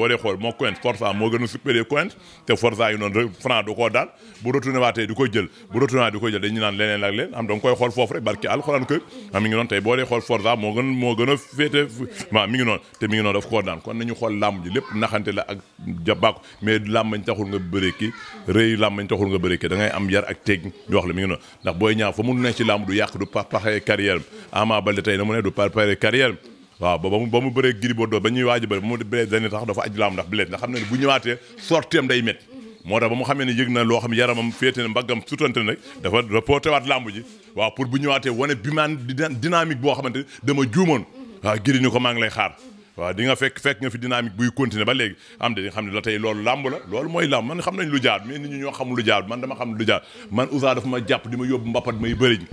dee xool moo Coent Forza moo gën a supérieur Coent te Forza yi noonu franc du koo daal bu retourné waatee di ko jël bu retourné waatee di ko jël dañu naan leneen ak leneen am da nga koy xool foofu rek barki alxuraan kër ah, moo gën moo gën a féete mi ngi noonu te mi ngi noonu daf koo daan kon nañu xool làmb ji lépp naxante la ak jabaako mais làmbañ taxul nga bëree ki rëy làmbañ taxul nga bëree ki ngay am yar ak teeg ñu wax la mi ngi noonu ndax booy ñaaw fa mu ne ci làmb du yàq du papaxee carrière Ama Baldé waaw ba mu ba mu bëree Gris Bordeaux ba ñuy waaj a bëri ba mu bëree Zane sax dafa aj laam ndax bilees ndax xam ne bu ñëwaatee sorteem day métti moo tax ba mu xamee ne yëg na loo xam yaramam féete na mbaggam sutante nag dafa reporté waat làmb ji waaw pour bu ñëwaatee wane bi maan dynamique boo xamante ne dama juumoon waaw Gris ko maa ngi lay xaar waaw di nga fekk fekk nga fi dynamique buy continuer ba léegi am de di nga xam ne la tey loolu làmb la loolu mooy làmb man xam nañ lu jaar mais nit ñi lu jaar man dama xam ma jàpp di ma yóbbu mbapat may bëriñ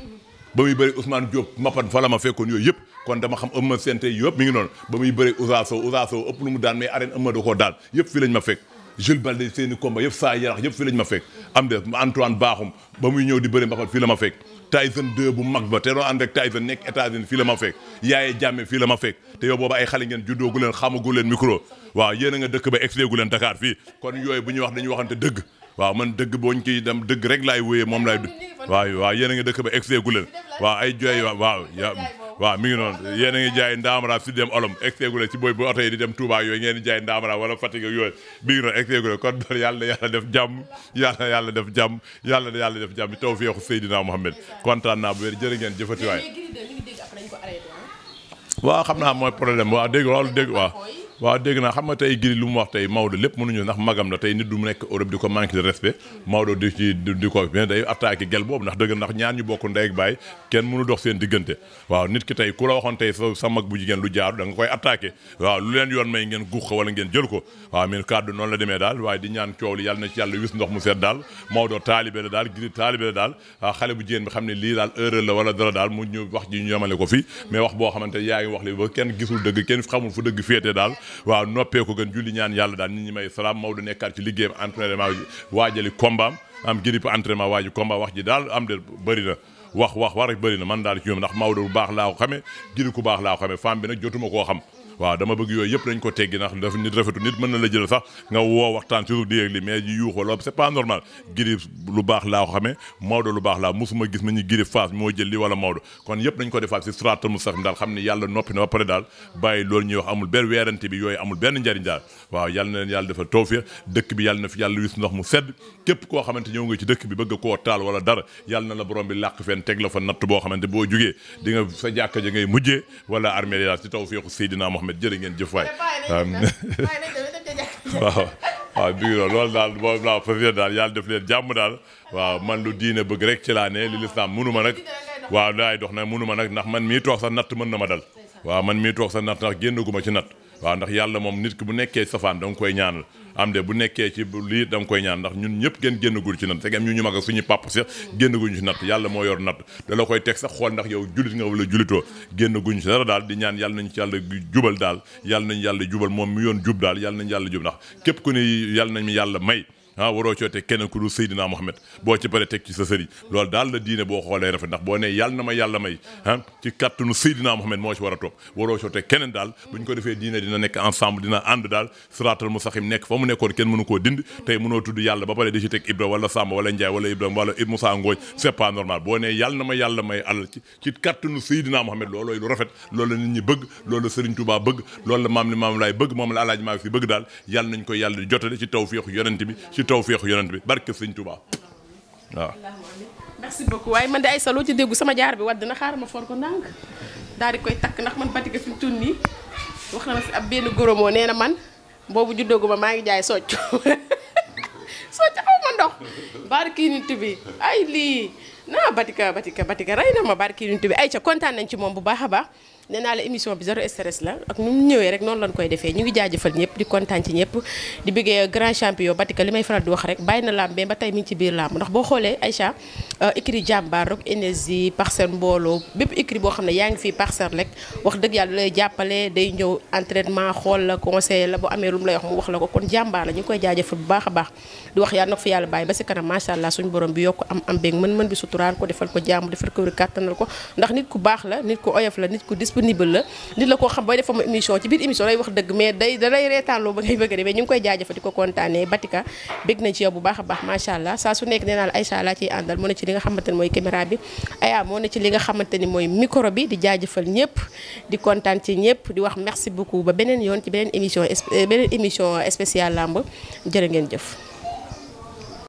ba muy bëri Ousmane Diop mappan fa la ma fekkoon yooyu yëpp kon dama xam ëmma sente yëpp mi ngi noonu ba muy bëri Ousa Sow Ousa Sow ëpp lu mu daan mais arène ëmma da koo daal yëpp fi ma fekk Jules Balde seeni combat yëpp saa yarax yëpp fi lañ ma fekk am de Antoine Bakhoum ba muy ñëw di bëri mbapat fii la ma fekk Tyson 2 bu mag ba te doon ànd ak Tyson nekk États-Unis fii la ma fekk Yaaye Jàmme fii la ma fekk te yow booba ay xale ngeen juddoogu leen xamagu a nga dëkk ba expliqué leen Dakar fii kon yooyu bu ñuy wax dañuy waxante dëgg waaw man dëgg booñ ciy dem dëgg rek laay wéyee moom laay dund waa waaw yéen a ngi dëkk ba excès gu leen waaw ay jooy waaw waaw mi ngi noonu yéen a ngi jaay ndaamara si dem olom excès gu leen booy boo oto yi di dem Touba yooyu ngeen di jaay ndaamara wala Fatick ak yooyu mi ngi noonu excès gu leen kon doon yàlla yàlla def jàmm yàlla yàlla def jàmm yàlla yàlla def jàmm tawfeexu Seydina Mouhamed kontaan naa bu wér jërë ngeen jëfati waay waaw xam naa mooy problème waaw dégg waaw dégg waaw waaw dégg naa xam nga tey giri lu mu wax tey Maodo lépp mënuñu ndax magam la tey nit nekk Europe di ko manque de respect ndax dëgg ndax ñaar ñu bokk ndey ak baay kenn mënu dox seen diggante waaw nit ki tey ku la waxoon tey sa mag bu jigéen lu jaaru da nga koy attaqué waaw lu leen yoon may ngeen guux ko wala ngeen jël ko waaw min kàddu noonu la demee daal waaye di ñaan coow li yàlla na ci yàlla wis ndox mu seet daal Maodo taalibe la daal giri taalibe la daal xale bu jigéen bi xam ne lii daal erreur la wala dara daal mu ñu wax ji ñu yemale ko fi mais wax boo xamante yaa ngi wax li ba kenn gisul dëgg kenn xamul fu dëgg féete waaw noppee ko gën julli ñaan yàlla daal nit ñi may salaam du nekkaat ci liggéeyam entraînement waajali kombaam am girip entraînement waaji komba wax ji daal am de bëri na wax wax wax rek na man daal ci ñoom ndax Maodo bu baax laa ko xamee giri ku baax laa ko xamee femme bi nag jotuma koo xam waaw dama bëgg yooyu yëpp dañ ko teggi ndax daf nit rafetu nit mën na la jël sax nga woo waxtaan ci suuf di yëg li mais yi yuuxoo loolu c'est pas normal girib lu baax laa ko xamee Maodo lu baax laa mosuma gis moo jël li wala Maodo kon yëpp dañ ko defaat si straat mu xam ne yàlla noppi na ba pare daal bàyyi loolu ñuy wax amul benn weerante bi benn njariñ daal waaw yàlla na leen yàlla dëkk bi yàlla na fi yàlla wis ndox mu sedd képp koo xamante ñëw nga ci dëkk bi bëgg koo taal wala dara yàlla na la borom bi làq fenn teg la fa natt boo xamante boo jugee di nga sa jàkka ja ngay mujjee wala armée daal si Mohamed ngeen jëf waay. waaw waaw bi loolu daal boobu laa fas yéene daal yàlla def leen jàmm daal waaw man lu diine bëgg rek ci laa ne li lislaam mënu ma nag waaw laay dox na mënu ma nag ndax man mii toog sa natt mën na ma dal waaw man mii toog sa natt ndax génn gu ma ci natt waaw ndax yàlla moom nit ki bu nekkee safaan da koy ñaanal am de bu nekkee ci lii da koy ñaan ndax ñun ñëpp gën génnagul ci natt segam ñu ñu mag ak suñu pàpp sax génnaguñu ci natt yàlla moo yor natt da koy teg sax xool ndax yow julit nga wala julitoo génnaguñu ci dara daal di ñaan yàlla nañ ci yàlla jubal daal yàlla nañ yàlla jubal moom mi yoon jub daal yàlla nañ yàlla jub ndax képp ku ne yàlla ñu yàlla may ah waroo cootee kenn ku dul Seydina Mohamed boo ci pare teg ci sa sëriñ loolu daal la diine boo xoolee rafet ndax boo ne yàlla na ma yàlla may ah ci kàttanu Seydina Mohamed moo ci a topp waroo cootee keneen daal bu ñu ko defee dina nekk ensemble dina ànd daal siraatal mustaqiim nekk fa mu nekkoon kenn mënu koo dind tey mënoo tudd yàlla ba pare di na ma yàlla may alal ci ci kàttanu Seydina Mohamed lu rafet lool la nit ñi bëgg loolu la Sëriñ Tuubaa bëgg loolu la maam li maam laay bëgg moom la alaaji maa fi bëgg daal yàlla nañ ko yàlla jotale ci tawfiixu yonent bi tawféexu yonent bi barke sëñ Touba waaw. merci beaucoup waaye man de Aïssa loo ci déggu sama jaar bi wadd na xaaral ma for ko ndànk daal di koy takk ndax man Fatick fi mu nii wax na ma fi ab benn góromoo nee na man boobu juddoogu ma maa ngi jaay socc socc xaw ma ndox barki nit bi ay lii naa Batika Batika Batika rey na ma barki nit bi ca kontaan nañ ci moom bu baax a baax. nee naa la émission bi zéro stress la ak mu ñëwee rek noonu lañ koy defee ñu ngi jaajëfal ñëpp di kontaan ci ñëpp di bëggee grand champion Batika li may faral di wax rek bàyyi na làmb ba euh, la conseil la bu amee lu mu lay wax mu wax la ko kon jàmbaar a si kanam macha allah suñu borom bi yokk am am beeg mën-mën bi suturaal ko defal ko jàmm defal ko wér kàttanal ko ndax nit ku baax la nit ku oyof la nit ku disponible la nit la koo xam booy def fa mu émission ci biir émission lay wax dëgg mais day dalay reetaanloo ba ngay bëgg a demee ñu ngi koy jaajëfa di ko kontaanee Batika bégg nañ ci yow bu baax a baax macha allah saa su nekk nee la Aïcha laa ciy àndal moo ne ci li nga xamante ne mooy caméra bi Aya moo ne ci li nga xamante ni mooy micro bi di jaajëfal ñëpp di kontaan ci ñëpp di wax merci beaucoup ba beneen yoon ci beneen émission beneen émission spéciale lamb jërë ngeen jëf